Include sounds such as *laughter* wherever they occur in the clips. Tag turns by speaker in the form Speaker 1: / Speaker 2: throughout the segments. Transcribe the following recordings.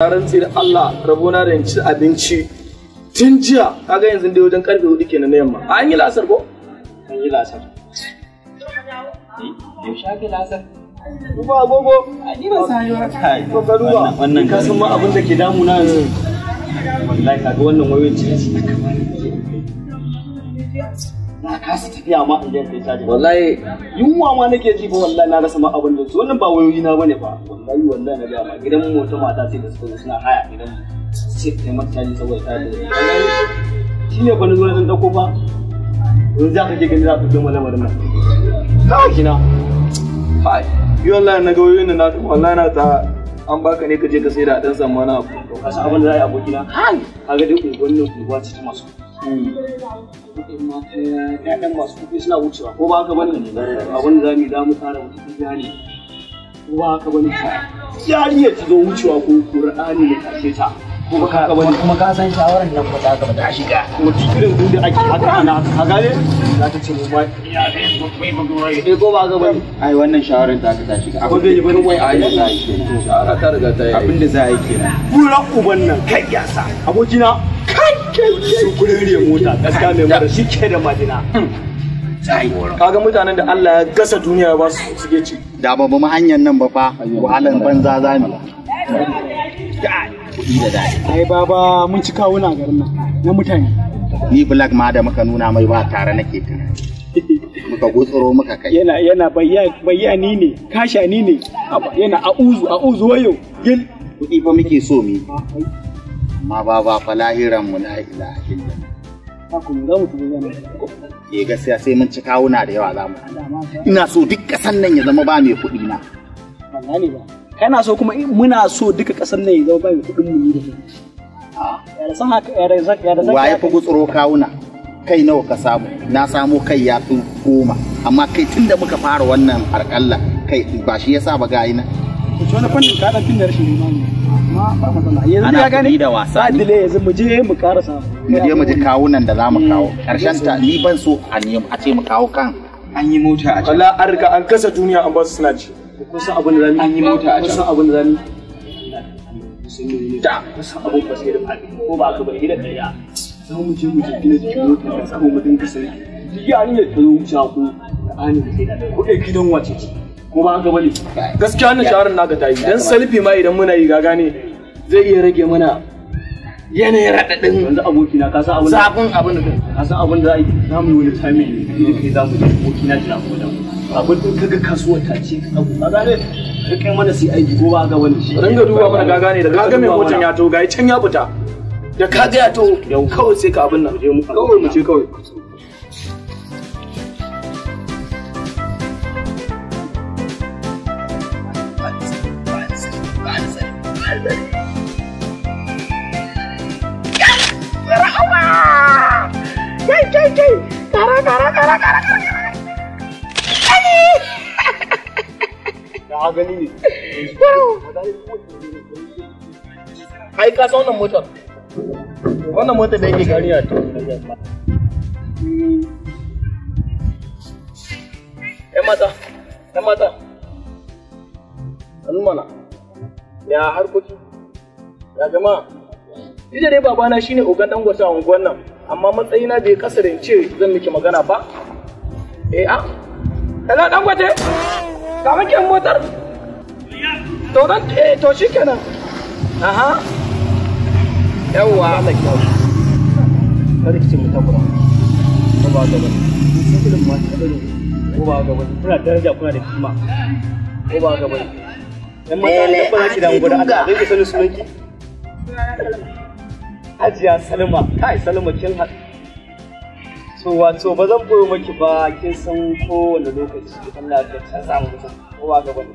Speaker 1: rantsi da Allah rabona da yanci abinci tun jiya kaga yanzu dai wajen karfe hudu kenan na yamma an yi lasar ko an yi lasar eh, eh. yaushe lasar duba agogo ni ba sa yi kai ko ka duba wannan ka san ma abin da ke damu na yanzu wallahi kaga wannan wayoyin ce na kasa tafiya ma in kai caji wallahi yunwa ma nake ji ba wallahi na rasa ma abin da su wannan ba wayoyi na bane ba wallahi wallahi na ga ma gidan mu ta mata sai da suka zo suna haya gidan mu sai kai mata saboda ta da shi ne bani zuwa zan dauko fa yanzu za ka je gani za ka gama lamarin nan kawai kina kai yi wallahi na ga wayoyin nan na wallahi na ta an baka ne ka je ka sai da dan samu wani abu ka san abin da za a yi abokina kai kaga dai unguwannin unguwa ce ta masu ƴaƴan masu kuɗi suna wucewa ko ba haka bane abin da zamu za mu tsara wata tafiya ne ko ba ka bani ta yariyar ta zo wucewa ko qur'ani ya tashe ta ko ba haka bane kuma ka san shawaran nan ba ta gaba ta shiga kuma tikirin din da ake haka ana ka gane za ta ce ba ya ne eh, ko ba ka bani? ai wannan shawaran ta ta shiga abin da ya bari wai ai shawara ta riga ta yi abin da za a yi kenan kura uban nan kai yasa abokina su kurere mota gaskiya mai mara shi ke da majina kaga mutanen da Allah ya gasa duniya ba su
Speaker 2: suke ci da ba mu hanyar nan ba fa wahalan banza za mu ai baba mun ci kawo kawuna garin nan na mutane ni black ma da muka nuna mai ba tare nake ta muka gutsuro muka kai yana yana bayani ne kasha ni ne yana a'uzu a'uzu wayo gil kuɗi fa muke so mi amma ba ba fa lahiran mu la ilaha illa Haku mu zamu tuba yana. Eh gaskiya sai mun ci kawuna da yawa zamu. Ina so duk kasan nan ya zama ba mai kuɗi na. Wallahi ba. Kana so kuma muna so duka kasan nan ya zama ba mai kuɗin mu ni da ah. Ya da san haka ya da ya da Waye fa gutsuro kawuna? Kai nawa ka samu? Na samu kai ya fi goma. Amma kai tunda muka fara wannan harƙalla kai ba shi yasa ba ga ina. Ana wani fannin da rashin imani ma ba matsala yanzu ya gani da wasa dile yanzu mu je mu mu je mu kawo nan da zamu kawo karshen ta ni ban so a ne a ce mu kawo kan an yi mota a can an riga an kasa duniya an ba su suna ci abin da an yi mota a can abin da
Speaker 1: da abin ba sai da ko ba ka bari da mu je mu gina jikin mota ya ni ku da ani da kai da gidan wace ce ko ba haka bane gaskiya wannan shawarar naka ta yi dan salfi ma idan muna yi gaga ne zai iya rage mana yanayin raɗaɗin yanzu na ka san abin zafin abin da ka san abin da za mu yi wani sami ne kai za mu aboki na da namu wajen abin da kaga kasuwar ta ce ka abu ka gane ka kai mana sai aiki ko ba ga wani shi ringa duba mana gaga ne da ka ga mai motan ya to ga can ya fita da ka ga ya to kawai sai ka abin nan kawai mu ce kawai cuy kai cara cara cara cara kara ya ne *laughs* ai ka san wannan motar wannan motar da yake gani a ya mata ya mata mana ya harkoki ya jama'a Ita dai babana shine ogan dangote a unguwan nan amma matsayina bai kasarin ce zan miki magana ba eh a kana dan gwate ka miki motar to dan eh to shikenan aha yawa Allah ya kiyaye kada ki ci mu takura ko ba gaba sai ko ba gaba kuna daraja kuna da kima ko ba gaba dan mata ba shi dan gudu a zai ki sani sunanki ajiya Salma, kai Salma kin haɗu. So wato ba zan koyo maki ba kin san kowane lokaci Allah ya ta samu ta kowa ga ne.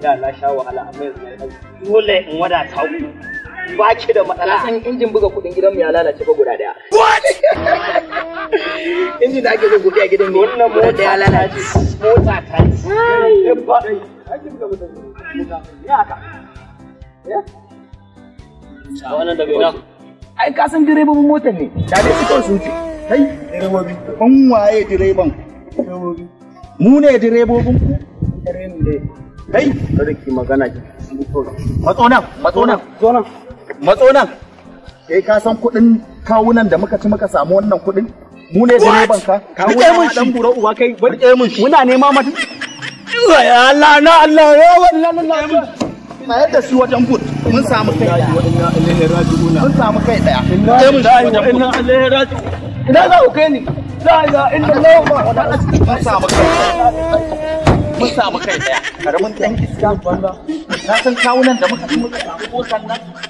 Speaker 1: Ya na sha wahala amma yanzu na yi dole in ta ku. Ba ki da matsala. San injin buga kuɗin mu ya lalace ba guda ɗaya. What? *laughs* Injin da ake zo gobe a gidan mu. Wannan mota ya lalace. Mota ta ce. Eh, Ai. Ba.
Speaker 2: Aikin da mutum. Ya ka. Ya. A wannan da. ina. ai ka san direbobin motar ne da ne suka su wuce kai direbobi mun waye direban mu ne direbobin ku kai kada ki magana ki matso nan matso nan zo nan matso nan kai ka san kuɗin kawunan da muka ci muka samu wannan kuɗin mu ne direban ka kawunan ma dan buru uwa kai bari kai mun muna nema mata Allah na Allah ya wallahi na Allah ma yadda su wajen gudu mun samu kai daya mun samu kai daya kai mun shi wajen kuma ina za ku kai ni la ila inda Allah ba mun samu kai mun samu kai daya karamin dan iska na san kawunan da muka muka samu kosan
Speaker 1: nan